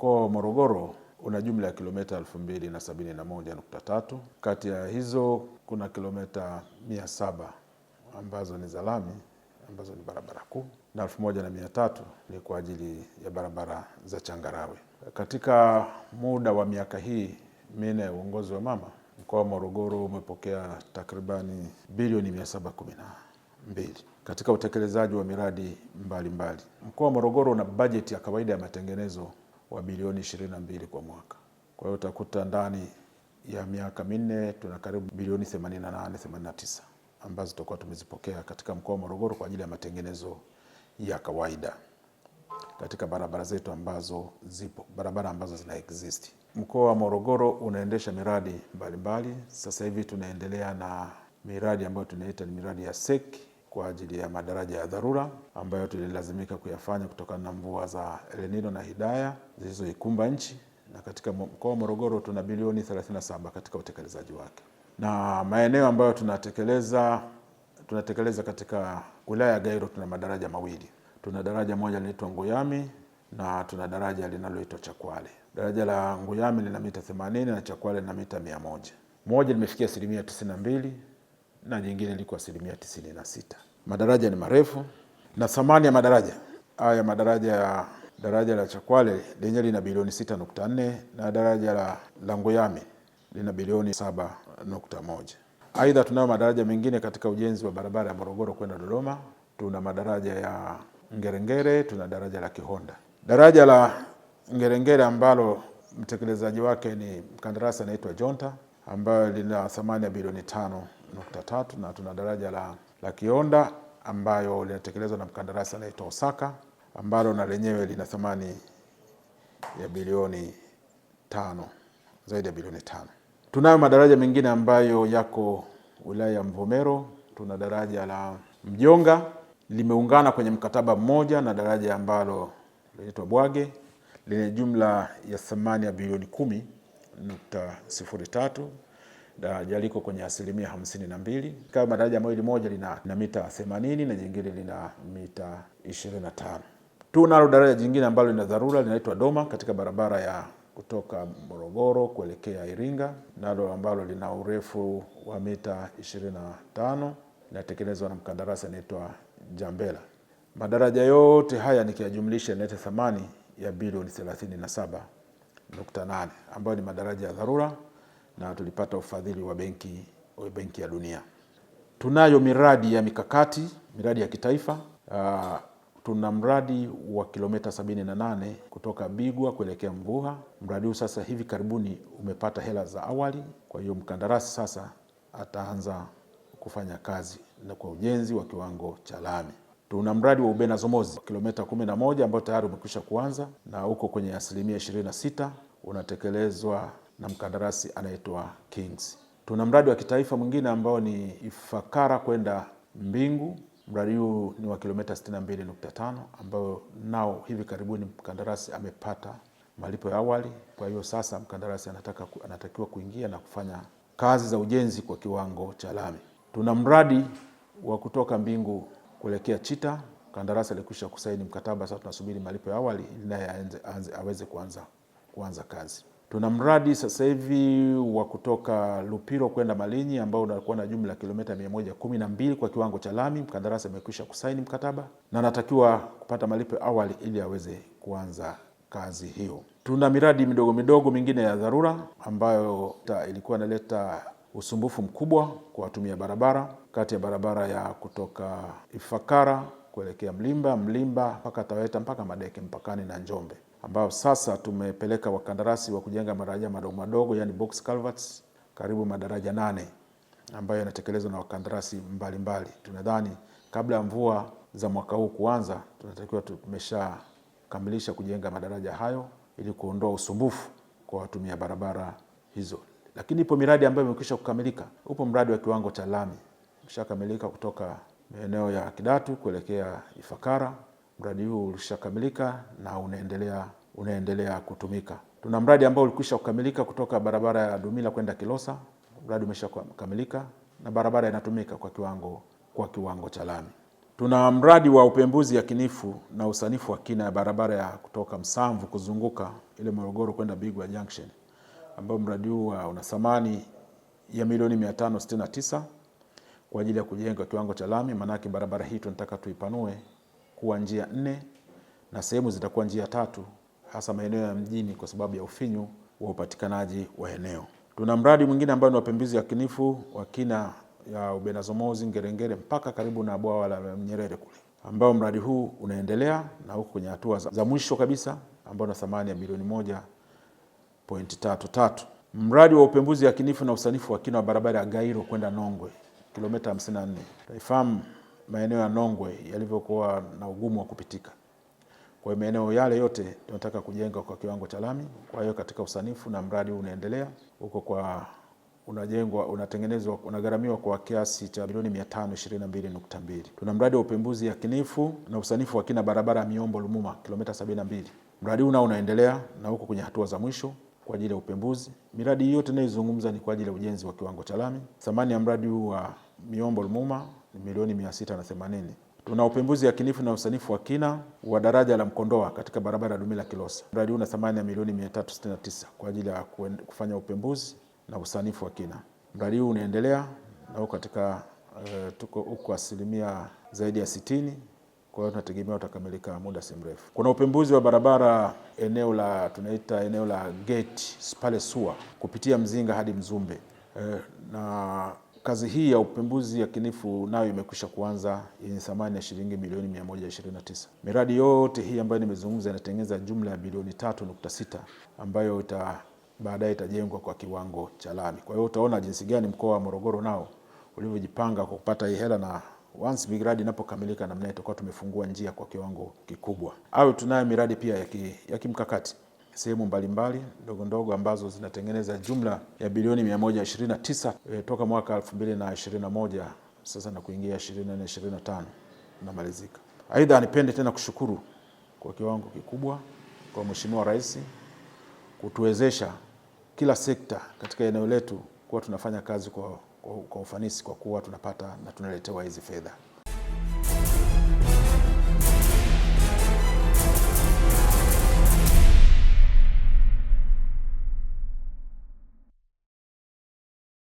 Mkoa wa Morogoro una jumla ya kilomita elfu na Kati ya hizo kuna kilomita 7 ambazo ni za lami ambazo ni barabara kuu na elfu ni kwa ajili ya barabara za changarawe. Katika muda wa miaka hii minne ya uongozi wa mama, mkoa wa Morogoro umepokea takribani bilioni mia mbili katika utekelezaji wa miradi mbalimbali. Mkoa wa Morogoro una bajeti ya kawaida ya matengenezo wa bilioni 22 kwa mwaka. Kwa hiyo utakuta ndani ya miaka minne tuna karibu bilioni 88, 89 ambazo tutakuwa tumezipokea katika mkoa wa Morogoro kwa ajili ya matengenezo ya kawaida katika barabara zetu ambazo zipo, barabara ambazo zina exist. Mkoa wa Morogoro unaendesha miradi mbalimbali. Sasa hivi tunaendelea na miradi ambayo tunaita ni miradi ya seki kwa ajili ya madaraja ya dharura ambayo tulilazimika kuyafanya kutokana na mvua za El Nino na Hidaya zilizoikumba nchi, na katika mkoa wa Morogoro tuna bilioni 37 katika utekelezaji wake, na maeneo ambayo tunatekeleza tunatekeleza katika wilaya ya Gairo tuna madaraja mawili. Tuna daraja moja linaitwa Nguyami na tuna daraja linaloitwa Chakwale. Daraja la Nguyami lina mita 80 na Chakwale lina mita 100. Moja limefikia asilimia 92 na nyingine liko asilimia 96. Madaraja ni marefu na thamani ya madaraja haya madaraja ya daraja la Chakwale lenye lina bilioni nne na daraja la Langoyame lina bilioni moja. Aidha, tunayo madaraja mengine katika ujenzi wa barabara ya Morogoro kwenda Dodoma. Tuna madaraja ya Ngerengere, tuna daraja la Kihonda. Daraja la Ngerengere ambalo mtekelezaji wake ni mkandarasi anaitwa Jonta, ambayo lina thamani ya bilioni tano nukta tatu na tuna daraja la, la Kionda ambayo linatekelezwa na mkandarasi anaitwa Osaka ambalo na lenyewe lina thamani ya bilioni tano, zaidi ya bilioni tano. Tunayo madaraja mengine ambayo yako wilaya ya Mvomero. Tuna daraja la Mjonga limeungana kwenye mkataba mmoja na daraja ambalo linaitwa Bwage lenye jumla ya thamani ya bilioni kumi nukta sifuri tatu daraja liko kwenye asilimia hamsini na mbili kama madaraja mawili, moja lina, lina mita themanini na jingine lina mita tu Tunalo daraja jingine ambalo lina dharura linaitwa Doma katika barabara ya kutoka Morogoro kuelekea Iringa, nalo ambalo lina urefu wa mita tano linatekelezwa na mkandarasi anaitwa Jambela. Madaraja yote haya nikiyajumlisha yanaleta thamani ya bilioni nane ambayo ni madaraja ya dharura na tulipata ufadhili wa benki wa benki ya Dunia. Tunayo miradi ya mikakati, miradi ya kitaifa. Uh, tuna mradi wa kilomita 78 kutoka Bigwa kuelekea Mvuha. Mradi huu sasa hivi karibuni umepata hela za awali, kwa hiyo mkandarasi sasa ataanza kufanya kazi na kwa ujenzi wa kiwango cha lami. Tuna mradi wa Ubena Zomozi kilomita 11 ambao tayari umekwisha kuanza na uko kwenye asilimia 26 unatekelezwa na mkandarasi anaitwa Kings. Tuna mradi wa kitaifa mwingine ambao ni Ifakara kwenda Mbingu. Mradi huu ni wa kilomita 62.5 ambao nao hivi karibuni mkandarasi amepata malipo ya awali. Kwa hiyo sasa mkandarasi anataka, anatakiwa kuingia na kufanya kazi za ujenzi kwa kiwango cha lami. Tuna mradi wa kutoka Mbingu kuelekea Chita. mkandarasi alikwisha kusaini mkataba, sasa tunasubiri malipo ya awali ili naye aweze kuanza, kuanza kazi. Tuna mradi sasa hivi wa kutoka Lupiro kwenda Malinyi ambao unakuwa na jumla ya kilomita 112 kwa kiwango cha lami. Mkandarasi amekwisha kusaini mkataba na anatakiwa kupata malipo awali ili aweze kuanza kazi hiyo. Tuna miradi midogo midogo mingine ya dharura ambayo ilikuwa inaleta usumbufu mkubwa kwa watumia barabara, kati ya barabara ya kutoka Ifakara kuelekea Mlimba, Mlimba mpaka Taweta mpaka Madeke mpakani na Njombe, ambao sasa tumepeleka wakandarasi wa kujenga madaraja madogo madogo, yani box culverts, karibu madaraja nane ambayo yanatekelezwa na wakandarasi mbalimbali. Tunadhani kabla ya mvua za mwaka huu kuanza, tunatakiwa tumeshakamilisha kujenga madaraja hayo ili kuondoa usumbufu kwa watumia barabara hizo. Lakini ipo miradi ambayo imekwisha kukamilika. Upo mradi wa kiwango cha lami umeshakamilika kutoka maeneo ya Kidatu kuelekea Ifakara. Mradi huu ulishakamilika na unaendelea unaendelea kutumika. Tuna mradi ambao ulikwisha kukamilika kutoka barabara ya Dumila kwenda Kilosa, mradi umeshakamilika na barabara inatumika kwa kiwango kwa kiwango cha lami. Tuna mradi wa upembuzi yakinifu na usanifu wa kina ya barabara ya kutoka Msamvu kuzunguka ile Morogoro kwenda Bigwa Junction, ambao mradi huu una thamani ya milioni 569 kwa ajili ya kujenga kiwango cha lami, maanake barabara hii tunataka tuipanue kuwa njia nne na sehemu zitakuwa njia tatu, hasa maeneo ya mjini kwa sababu ya ufinyu wa upatikanaji wa eneo. Tuna mradi mwingine ambao ni wapembuzi yakinifu wa kina ya Ubenazomozi Ngerengere mpaka karibu na bwawa la Nyerere kule, ambao mradi huu unaendelea na huko kwenye hatua za mwisho kabisa, ambao na thamani ya bilioni moja pointi tatu tatu. Mradi wa upembuzi yakinifu na usanifu wa kina wa barabara ya Gairo kwenda Nongwe kilomita 54. Tunaifahamu maeneo ya Nongwe yalivyokuwa na ugumu wa kupitika. Kwa hiyo maeneo yale yote tunataka kujenga kwa kiwango cha lami. Kwa hiyo katika usanifu na mradi huu unaendelea huko kwa unajengwa unatengenezwa unagharamiwa kwa kiasi cha bilioni 522.2. Tuna mradi wa upembuzi yakinifu na usanifu wa kina barabara ya Miombo Lumuma kilomita 72. Mradi huu nao unaendelea na huko kwenye hatua za mwisho kwa ajili ya upembuzi. Miradi yote inayozungumza ni kwa ajili ya ujenzi wa kiwango cha lami. Thamani ya mradi huu wa Miombo Lumuma ni milioni mia sita na themanini. Tuna upembuzi yakinifu na usanifu wa kina wa daraja la Mkondoa katika barabara ya Dumila Kilosa. Mradi huu una thamani ya milioni 369 kwa ajili ya kufanya upembuzi na usanifu wa kina. Mradi huu unaendelea na katika uh, tuko huko asilimia zaidi ya sitini. Kwa hiyo tunategemea utakamilika muda si mrefu. Kuna upembuzi wa barabara eneo la tunaita eneo la gate pale SUA kupitia Mzinga hadi Mzumbe e, na kazi hii ya upembuzi yakinifu nayo imekwisha kuanza yenye thamani ya shilingi milioni 129. Miradi yote hii ambayo nimezungumza inatengeneza jumla ya bilioni 3.6 ambayo ita baadaye itajengwa kwa kiwango cha lami. Kwa hiyo utaona jinsi gani mkoa wa Morogoro nao ulivyojipanga kwa kupata hii hela na once miradi inapokamilika namna hiyo, tutakuwa tumefungua njia kwa kiwango kikubwa. Au tunayo miradi pia ya, ki, ya kimkakati sehemu mbalimbali ndogo ndogo ambazo zinatengeneza jumla ya bilioni 129 e, toka mwaka 2021 sasa na kuingia 24 namalizika tunamalizika. Aidha, nipende tena kushukuru kwa kiwango kikubwa kwa Mheshimiwa Rais kutuwezesha kila sekta katika eneo letu kuwa tunafanya kazi kwa kwa ufanisi kwa kuwa tunapata na tunaletewa hizi fedha.